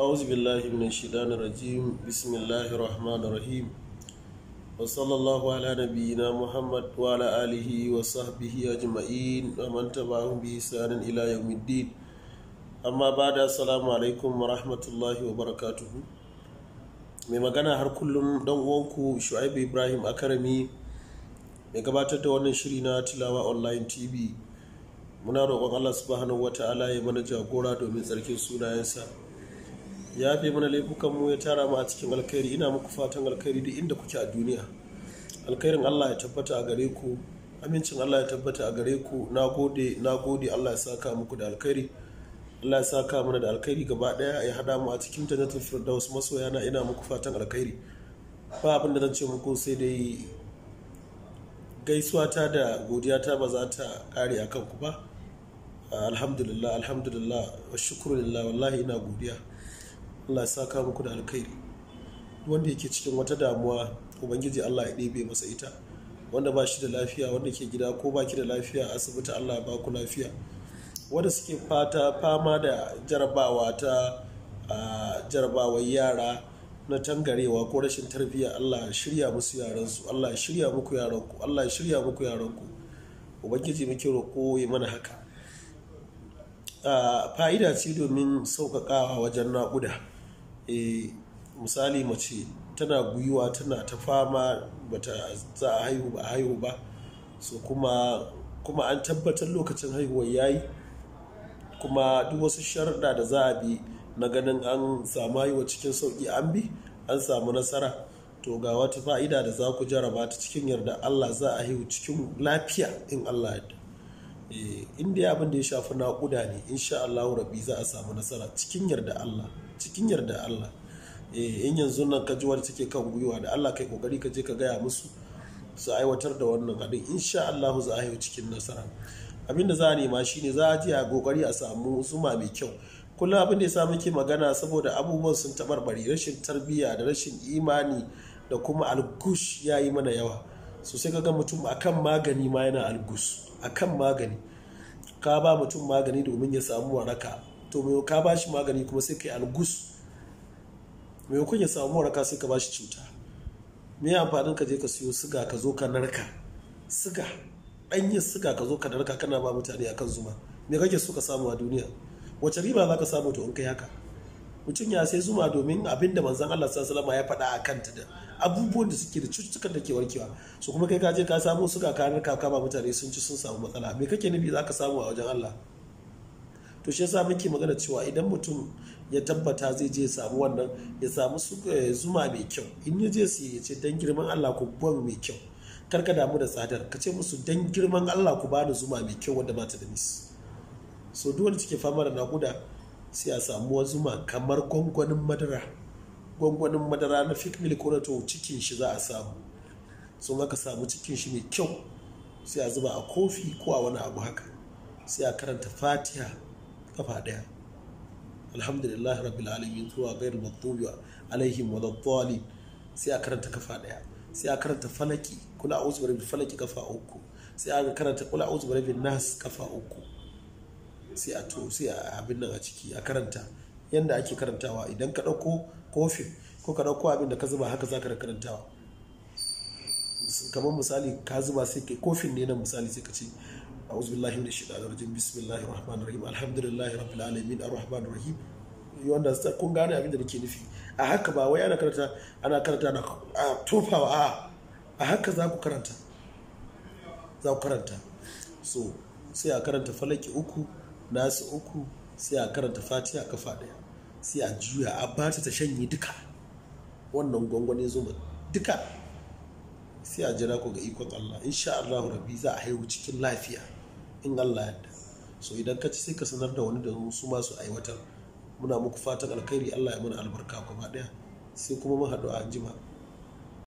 أعوذ بالله من الشيطان الرجيم بسم الله الرحمن الرحيم وصلى الله على نبينا محمد وعلى آله وصحبه أجمعين ومن تبعهم بإحسان إلى يوم الدين أما بعد السلام عليكم ورحمة الله وبركاته mai magana har kullum don uwanku shu'aibu ibrahim akarami mai gabatar da wannan shiri na tilawa online tv muna roƙon allah subhanahu wata'ala ya mana jagora domin tsarkin sunayensa ya fi mana laifukanmu ya tara mu a cikin alkairi ina muku fatan alkhairi duk inda kuke a duniya alkhairin allah ya tabbata a gare ku amincin allah ya tabbata a gare ku na gode na gode allah ya saka muku da alkhairi allah ya saka mana da alkhairi gaba daya ya hada mu a cikin jannatul firdaus masoya na ina muku fatan alkhairi ba abin da zan ce muku sai dai gaisuwa ta da godiya ta ba za ta kare a kanku ba alhamdulillah alhamdulillah wa shukrulillah wallahi ina godiya Allah ya saka muku da alkhairi wanda yake cikin wata damuwa ubangiji Allah ya ɗebe masa ita wanda ba shi da lafiya wanda ke gida ko ba da lafiya asibiti Allah ya baku lafiya wanda suke fata fama da jarabawa ta jarabawar yara na tangarewa ko rashin tarbiyya Allah ya shirya musu yaransu Allah ya shirya muku yaranku Allah ya shirya muku yaranku ubangiji muke roƙo ya mana haka fa'ida ce domin sauƙaƙawa wajen naƙuda Eh, misali mace tana gwiwa tana ta fama bata za a haihu ba haihu ba so kuma kuma an tabbatar lokacin haihuwar yayi kuma duk wasu sharuɗa da za a bi na ganin an samu haihuwa cikin sauƙi an bi an samu nasara to ga wata fa'ida da za ku jaraba ta cikin yarda Allah za a haihu cikin lafiya in Allah ya Eh, in dai abin da ya shafi naƙuda ne insha Allah rabbi za a samu nasara cikin yarda Allah cikin yarda Allah eh, in yanzu nan ka ji wani take kan gwiwa da Allah kai kokari ka je ka gaya musu su aiwatar da wannan haɗin insha Allah za a yi cikin nasara abin da za a nema shine za a ji a kokari a samu zuma mai kyau kullum abin da ya sa muke magana saboda abubuwan sun taɓarɓare rashin tarbiyya da rashin imani da kuma algush ya yi mana yawa Sosai ka ga mutum akan magani ma yana algush akan magani ka ba mutum magani domin ya samu waraka to mai ka ba shi magani kuma sai kai algus kun ya samu waraka sai ka ba shi cuta me amfanin ka je ka siyo siga ka zo ka narka siga ɗanyen siga ka zo ka narka kana ba mutane akan zuma me kake so ka samu a duniya wace riba za ka samu to in kai haka mutum ya sai zuma domin abin da manzon Allah sallallahu ya faɗa a kanta da abubuwan da suke da cututtukan da ke warkewa su kuma kai ka je ka samu suka kanar kaka kama mutane sun ci sun samu matsala me kake nufi ka samu a wajen Allah to shi yasa muke magana cewa idan mutum ya tabbata zai je samu wannan ya samu eh, zuma mai kyau in ya je su ya ce dan girman Allah ku ban mai kyau kar ka damu da tsadar ka ce musu dan girman Allah ku bani zuma mai kyau wanda ba ta da nisi so duk wanda take fama da nakuda sai a samu wasu ma kamar gwangwanin madara gwangwanin madara na ko na to cikin shi za a samu sun aka samu cikin shi mai kyau sai a zuba a kofi ko a wani abu haka sai a karanta fatiha kafa daya alhamdulillah rabbil alamin zuwa gairu maktubi alaihim wa dhalim sai a karanta kafa daya sai a karanta falaki kula a'udhu bi falaki kafa uku sai a karanta kula a'udhu bi nas kafa uku sai a to sai a abin nan a ciki a karanta yadda ake karantawa idan ka ɗauko kofin ko ka ɗauko abin da ka zuba haka za ka karantawa kamar misali ka zuba sai ka kofin ne na misali sai ka ce a'udhu billahi shi shaitanir rajim bismillahir rahmanir rahim alhamdulillahi rabbil alamin arrahmanir rahim wanda kun gane abin da nake nufi a haka ba wai ana karanta ana karanta na tofawa a a haka za ku karanta za ku karanta so sai a karanta falaki uku nasu uku sai a karanta a kafa ɗaya sai a juya a ba ta shanye duka wannan gwangwani zuma duka sai a jira ku ga ikon Allah insha Allah rabbi za a haihu cikin lafiya in Allah yadda so idan ka ci sai ka sanar da wani da su masu aiwatar muna muku fatan alkhairi Allah ya mana albarka gaba ɗaya sai kuma mun haɗu a anjima